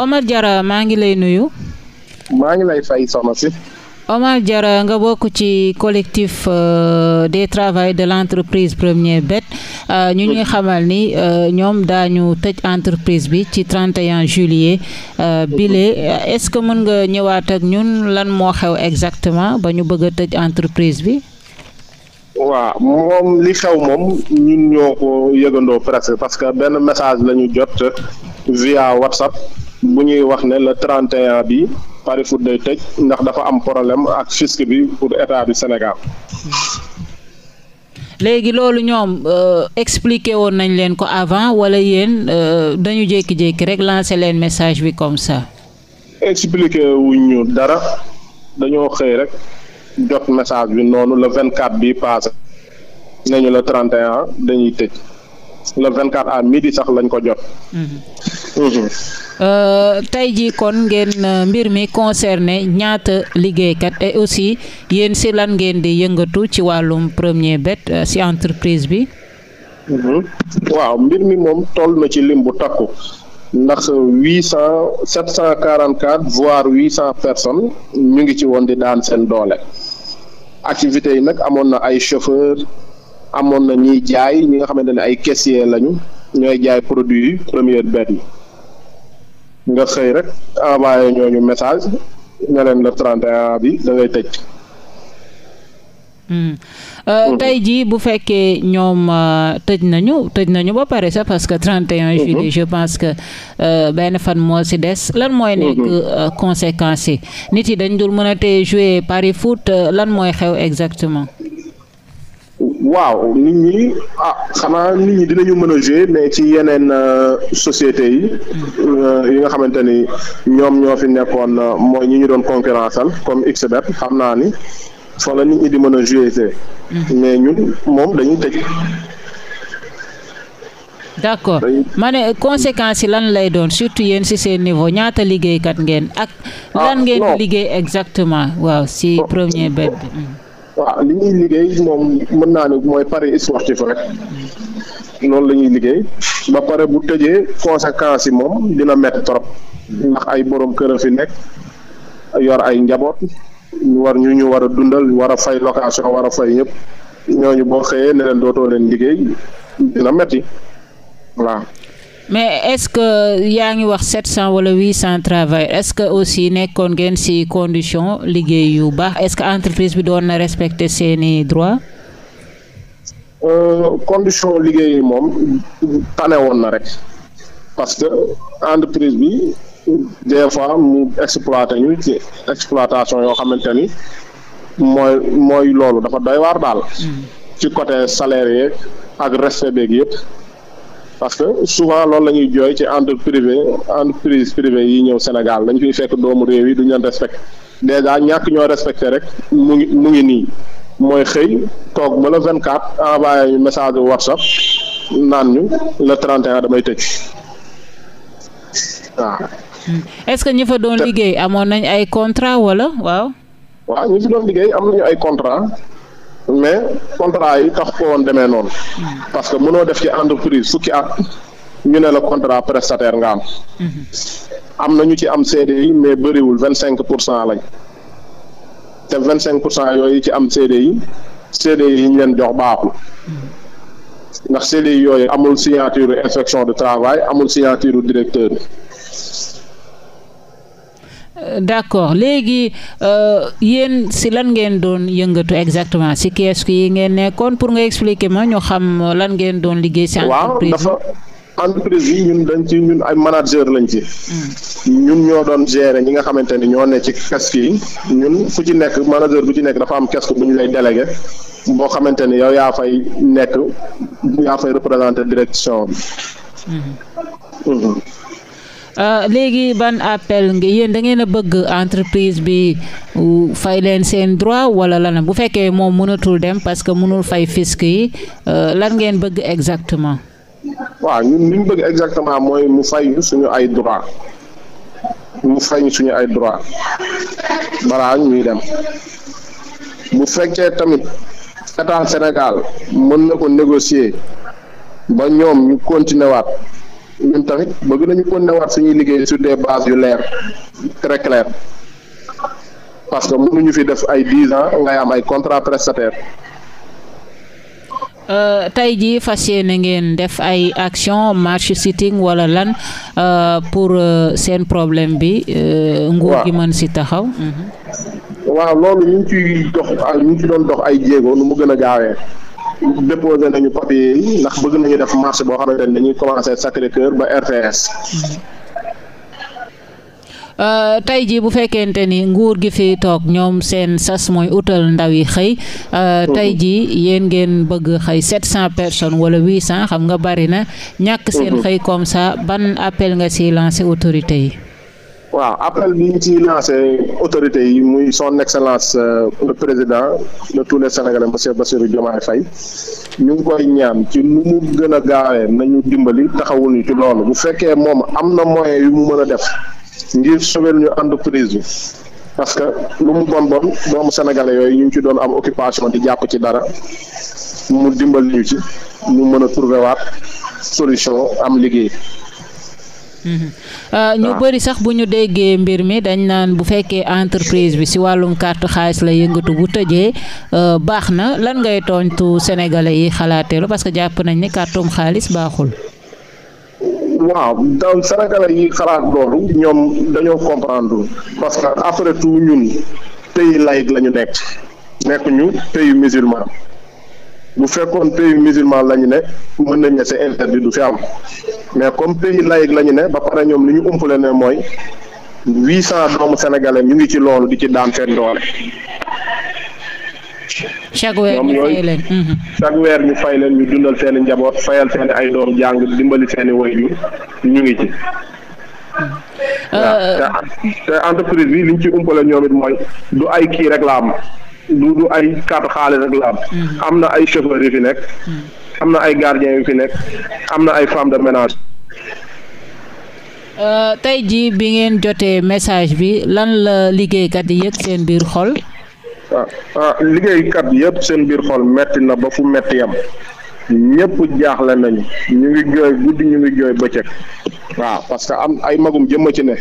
Omar Diarra maa ngi lay nuyu. maa ngi lay fay soxna si. Omar Diarra nga bokk ci collectif euh, des travailleurs de l'entreprise Premier Bet euh, ñu ñuy xamal ni euh, ñoom daañu tëj entreprise bi ci an juillet bile est-ce que mën nga ñëwaat ak ñun lan moo xew exactement ba ñu bëgg a tëj entreprise bi. waaw moom li xew moom ñun ñoo ko yëgandoo presque parce que benn message la jot via WhatsApp. bu ñuy wax ne le 31 bi Paris Foot day tëj ndax dafa am problème ak fisc bi pour état du Sénégal. léegi loolu ñoom euh, expliqué woon nañ leen ko avant wala yéen euh, dañu jékki-jékki rek lancer leen message bi comme ça. expliqué wuñ ñu dara dañoo xëy rek jot message bi noonu le 24 bi passé nañu le 31 dañuy tëj le 24 à midi sax lañ ko jot. Mhm. Mhm. Euh, tey jii kon ngeen euh, mbir mi concerné ñaata liggéeykat et aussi yéen si lan ngeen di yëngatu ci wàllum premier bet euh, si entreprise bi. Mhm. waaw mbir mi moom toll na ci lim bu takku ndax huit cent sept cent quarante quatre voire huit cent personnes ñu ngi ci woon di daan seen doole activités yi nag amoon na ay chauffeur amoon na ñiy jaay ñi nga xamante ni ay caissier lañu ñooy jaay produits yi première bet yi nga xëy rek envoyé ñooñu message ne leen le 31 bi da tëj. Hmm. Euh, hmm. tey jii bu fekkee ñoom euh, tëj nañu tëj nañu ba pare sax parce que 31 hmm. juillet je pense que euh, benn fan moo si des lan mooy nekk conséquences yi nit yi dañ dul mën a tey jouer pari lan mooy xew exactement. waaw nit ñi ah xanaa nit ñi dinañu mën a jouer mais ci yeneen euh, société yi euh, yi nga xamante ni ñoom ñoo fi nekkoon euh, mooy ñi ñu doon concurrence al comme xbet xam naa ni fa la nit ñi di mën a jouer mm-hmm. mais ñun moom dañuy tëj d'accord ma ne conséquences yi lan lay doon surtout yéen si seen niveau ñaata liggéeykat ngeen ak ah, lan ngeen liggéey exactement waaw si oh. premier bet waa li ñuy liggéey moom mën naa ne mooy pari sportif rek noonu la ñuy liggéey ba pare bu tëjee conséquences yi moom dina métti trop ndax ay borom kër a fi nekk yor ay njaboot ñu war ñu ñu war a dundal war a fay location war a fay ñëpp ñooñu boo xëyee ne leen dootoo leen liggéey dina métti waaw. mais est-ce que yaa ngi wax 700 wala 800 travailleurs est-ce que aussi nekkoon ngeen ci condition liggéey yu baax est-ce que entreprise bi doon na respecter seeni droit euh, condition liggéey yi moom tane woon na rek parce que entreprise bi des fois mu exploité ñu ci exploitation yoo xamante ni mooy mooy loolu dafa doy waar daal. Mm. ci côté salaire yeeg ak respect beeg yëpp. parce que souvent loolu la ñuy jooy ci entre privé entreprise privée yi ñëw Sénégal dañ fiy fekk doomu réew yi duñ leen respecté dèjà ñàkk ñoo respecté rek mu ngi mu ngi nii mooy xëy toog ba le 24 envoyé message WhatsApp naan ñu le 31 damay tëj waaw. Hmm. est-ce que ñi fa doon liggéey amoon nañ ay contrat wala waaw. waaw ñi fi doon liggéey am nañu ay contrat mais contrat yi tax ko woon demee noonu. parce que mënoo def ci entreprise fukki at ñu ne la contrat prestataire nga am. am na ñu ci am CDI mais bëriwul vingt cinq pour cent lañ. te vingt cinq pour cent yooyu ci am CDI CDI yi ñu leen jox baaxul. ndax CDI yooyu amul signature inspection du travail amul signature directeur bi. d'accord léegi euh, yéen si lan ngeen doon yëngatu exactement si kiosque yi ngeen nekkoon pour nga expliquer ma ñu xam euh, lan ngeen doon liggéey si entreprise waaw dafa entreprise yi ñun dañ ci ñun ay manager lañ ci hmm. ñun ñoo doon gérer ñi nga xamante ni ñoo ne ci kiosque yi ñun fu ci nekk manager bu ci nekk dafa am kiosque bu ñu lay délégué boo xamante ni yow yaa fay nekk yaa fay représenter direction bi hmm. Hmm. Ah, léegi ban appel nga yéen da ngeen a bëgg entreprise bi fay leen seen droit wala lan bu fekkee moom mënatul dem parce que mënul fay fisc yi ah, lan ngeen bëgg exactement. waaw ñun li bëgg exactement mooy mu fay suñu ay droit mu fay suñu ay droit balaa ñuy dem bu fekkee tamit état Sénégal mën na ko négocier ba ñoom ñu continuer waat. ñun tamit bëgg nañu continuer waat suñuy liggéey sur des bases yu leer très clair parce que mënuñu fi def ay dix ans ngay am ay contrat prestataire euh, tey jii fas yéene ngeen def ay action marche sitting wala lan euh, pour euh, seen problème bi. nguur gi mën si taxaw. waaw loolu ñu dox ñu ci dox ay jéego nu mu gën a gaawee. déposé nañu papier yi ndax bëgg nañu def marche boo xamante ne dañuy commencé Sacré-Cœur ba RTS. Euh, tey jii bu fekkente ni nguur gi fi toog ñoom seen sas mooy utal ndaw yi xëy euh, tey jii yéen ngeen bëgg xëy sept cent wala huit cent xam nga bari na ñàkk seen mhm. xëy comme ça ban appel nga ci lancer autorité yi waaw appel bi ñu ciy lancé autorités yi muy son excellence euh, le président de tous les sénégalais monsieur Bassirou Diomaye Faye ñu ngi koy ñaam ci nu mu gën a gaawee nañu dimbali taxawul ñu ci loolu bu fekkee moom am na moyen yu mu mën a def ngir sauver ñu entreprise bi parce que lu mu bon bon doomu sénégalais yooyu ñu ngi ci doon am occupation di jàpp ci dara mu dimbali ñu ci ñu mën a trouver waat solution am liggéey. Mm-hmm. Uh, ñu ah. bari sax bu ñu déggee mbir mi dañ naan bu fekkee entreprise bi ci wàllum carte xaalis la yëngatu bu tëjee uh, baax na lan ngay tontu sénégalais yi xalaateelu parce que jàpp nañ ni cartum xaalis baaxul. waaw donc sénégalais yi xalaat loolu ñoom dañoo comprendre parce après tout ñun pays laïque la ñu nekk nekkuñu pays musulman. bu fekkoon pays musulman la ñu ne mën nañ ne c'est interdit du fi am mais comme pays laïque la ñu ne ba pare ñoom li ñu umpale ne mooy huit cent doomu sénégalais ñu ngi ci loolu di ci daan seen doole. chaque weer ñu fay weer ñu fay leen ñu dundal seen njaboot fayal seen ay doom jàng dimbali seen i waajur ñu ngi ci. Euh, te entreprise bi liñ ci umpale ñoom it mooy du ay kii rek la am. du du ay kàddu xaalis ak laab mm-hmm. am na ay chauffeurs yu fi mm-hmm. am na ay gardiens yu fi nekk am na ay femmes de ménage euh, tey jii bi ngeen jotee message bi lan la liggéeykat yi yëg seen biir xol ah, ah liggéeykat yëpp seen biir xol metti na ba fu metti yam ñëpp jaaxle nañu ñu ngi jooy guddi ñu ngi jooy bëccëg waaw parce que am ay magum jëmm ci ne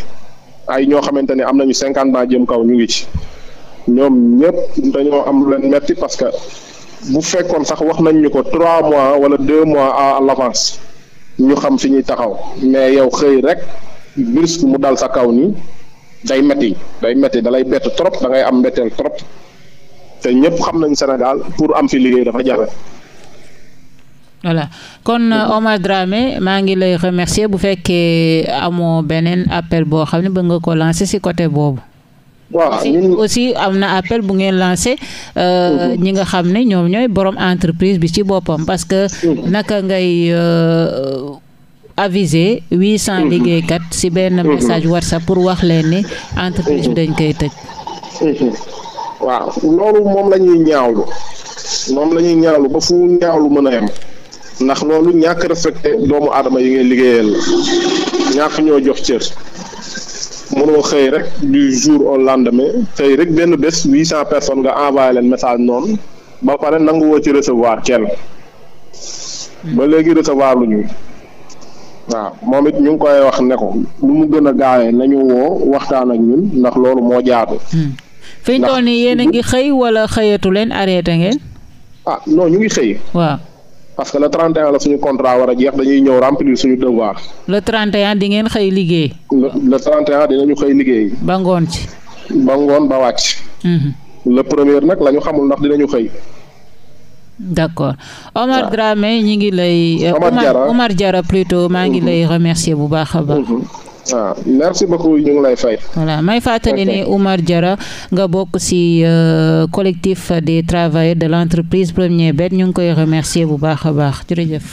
ay ñoo xamante ne am nañu cinquante ans jëm kaw ñu ngi ci ñoom ñëpp dañoo am leen metti parce que bu fekkoon sax wax nañ ñu ko trois mois wala deux mois à l'avance ñu xam fi ñuy taxaw mais yow xëy rek brusque mu dal sa kaw nii day metti day metti da lay bett trop da ngay am mbetteel trop te ñëpp xam nañ Sénégal pour am fi liggéey dafa jafe. voilà kon Omar Dramé maa ngi lay remercier bu fekkee amoo beneen appel boo xam ne bëgg nga ko lancer ci côté boobu. waa aussi am na appel bu ngeen lancé. Euh, ñi nga xam ne ñoom ñooy borom entreprise bi ci boppam parce que. Mm. naka ngay. Euh, avisé huit cent mm-hmm. liggéeykat ci benn mm-hmm. message WhatsApp pour wax leen ni entreprise bi mm-hmm. dañ koy tëj. waaw loolu moom la ñuy ñaawlu moom lañuy ñuy ñaawlu ba fu ñaawlu mën a yem ndax loolu ñàkk respecté doomu aadama yi ngay liggéeyal ñàkk ñoo jox cër. mënoo xëy rek du jour au lendemain xëy rek benn bés huit cent personnes nga envoyé leen message noonu ba pare woo ci recevoir kenn ba léegi recevoir lu ñu waaw moom it ñu ngi koy wax ne ko lu mu gën a gaawee nañu woo waxtaan ak ñun ndax loolu moo jaatu hmm. fi ñu toll ngi xëy wala xëyatu leen arrêté ngeen. ah non ñu ngi xëy. waaw parce que le 31 la suñu contrat war a jeex dañuy ñëw remplir suñu devoir. le 31 di ngeen xëy liggéey. le 31 dinañu xëy liggéey. ba ngoon ci. ba ngoon ba wàcc. Mhm. le premier nag la ñu xamul ndax dinañu xëy. d' accord Omar ah. Dramé ñi ngi lay. Euh, Omar Diarra Omar Diarra maa ngi mhm. lay remercier bu baax a mhm. waaw ah, merci beaucoup ñu ngi lay fay. voilà may fàttali ne jara nga bokk ci euh, collectif des travailleurs de l'entreprise Premier Bet ñu ngi koy remercier bu baax a baax jërëjëf.